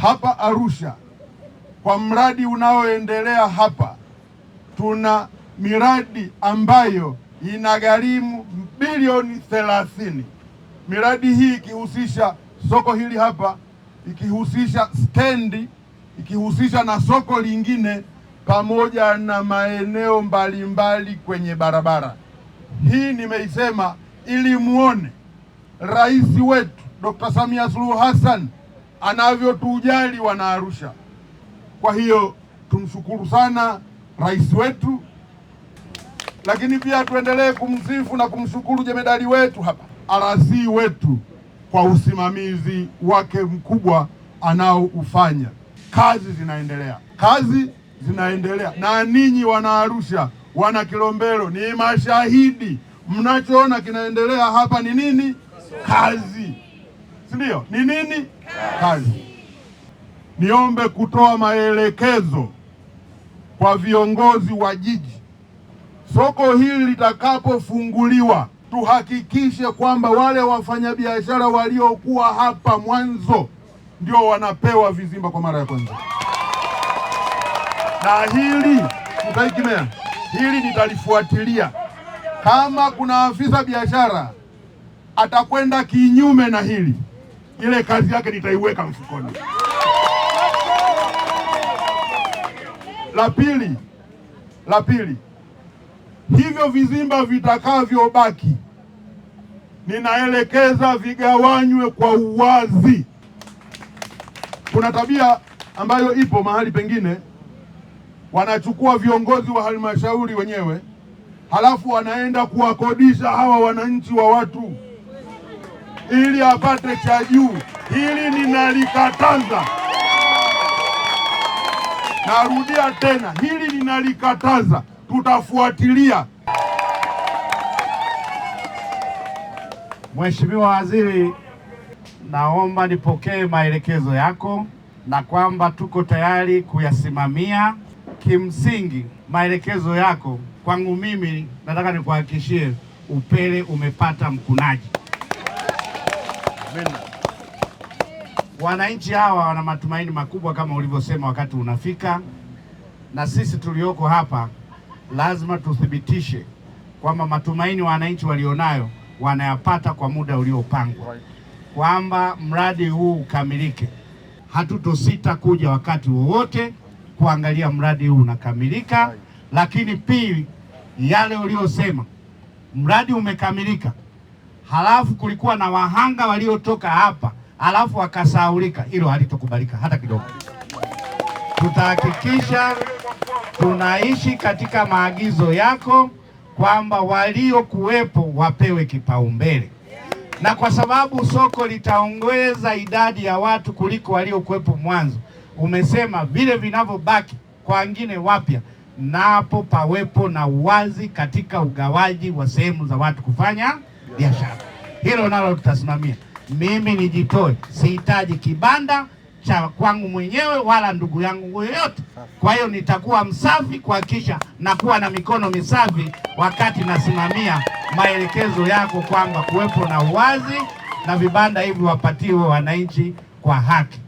hapa Arusha, kwa mradi unaoendelea hapa, tuna miradi ambayo inagharimu bilioni thelathini. Miradi hii ikihusisha soko hili hapa, ikihusisha stendi, ikihusisha na soko lingine pamoja na maeneo mbalimbali mbali kwenye barabara hii. Nimeisema ili muone rais wetu Dr. Samia Suluhu Hassan anavyotujali Wanaarusha. Kwa hiyo tumshukuru sana rais wetu, lakini pia tuendelee kumsifu na kumshukuru jemedali wetu hapa arasi wetu kwa usimamizi wake mkubwa anaoufanya. Kazi zinaendelea, kazi zinaendelea, na ninyi Wanaarusha, wana Kilombero ni mashahidi. Mnachoona kinaendelea hapa ni nini? Kazi si ndio? Ni nini kazi? Niombe kutoa maelekezo kwa viongozi wa jiji, soko hili litakapofunguliwa, tuhakikishe kwamba wale wafanyabiashara waliokuwa hapa mwanzo ndio wanapewa vizimba kwa mara ya kwanza. Na hili mtaikimea, hili nitalifuatilia. Kama kuna afisa biashara atakwenda kinyume na hili ile kazi yake nitaiweka mfukoni. La pili, la pili, hivyo vizimba vitakavyobaki ninaelekeza vigawanywe kwa uwazi. Kuna tabia ambayo ipo mahali pengine, wanachukua viongozi wa halmashauri wenyewe halafu wanaenda kuwakodisha hawa wananchi wa watu ili apate cha juu. Hili ninalikataza, narudia tena, hili ninalikataza. Tutafuatilia. Mheshimiwa Waziri, naomba nipokee maelekezo yako na kwamba tuko tayari kuyasimamia. Kimsingi maelekezo yako kwangu mimi, nataka nikuhakikishie upele umepata mkunaji. Amina. Wananchi hawa wana matumaini makubwa kama ulivyosema, wakati unafika, na sisi tulioko hapa lazima tuthibitishe kwamba matumaini wananchi walionayo wanayapata kwa muda uliopangwa, kwamba mradi huu ukamilike. Hatutosita kuja wakati wowote kuangalia mradi huu unakamilika. Lakini pili, yale uliyosema mradi umekamilika halafu kulikuwa na wahanga waliotoka hapa halafu wakasaulika, hilo halitokubalika hata kidogo. Tutahakikisha tunaishi katika maagizo yako kwamba waliokuwepo wapewe kipaumbele, na kwa sababu soko litaongeza idadi ya watu kuliko waliokuwepo mwanzo, umesema vile vinavyobaki kwa wengine wapya, napo pawepo na uwazi katika ugawaji wa sehemu za watu kufanya biashara. Hilo nalo tutasimamia. Mimi nijitoe, sihitaji kibanda cha kwangu mwenyewe wala ndugu yangu yoyote. Kwa hiyo nitakuwa msafi kuhakikisha nakuwa na mikono misafi wakati nasimamia maelekezo yako kwamba kuwepo na uwazi na vibanda hivi wapatiwe wananchi kwa haki.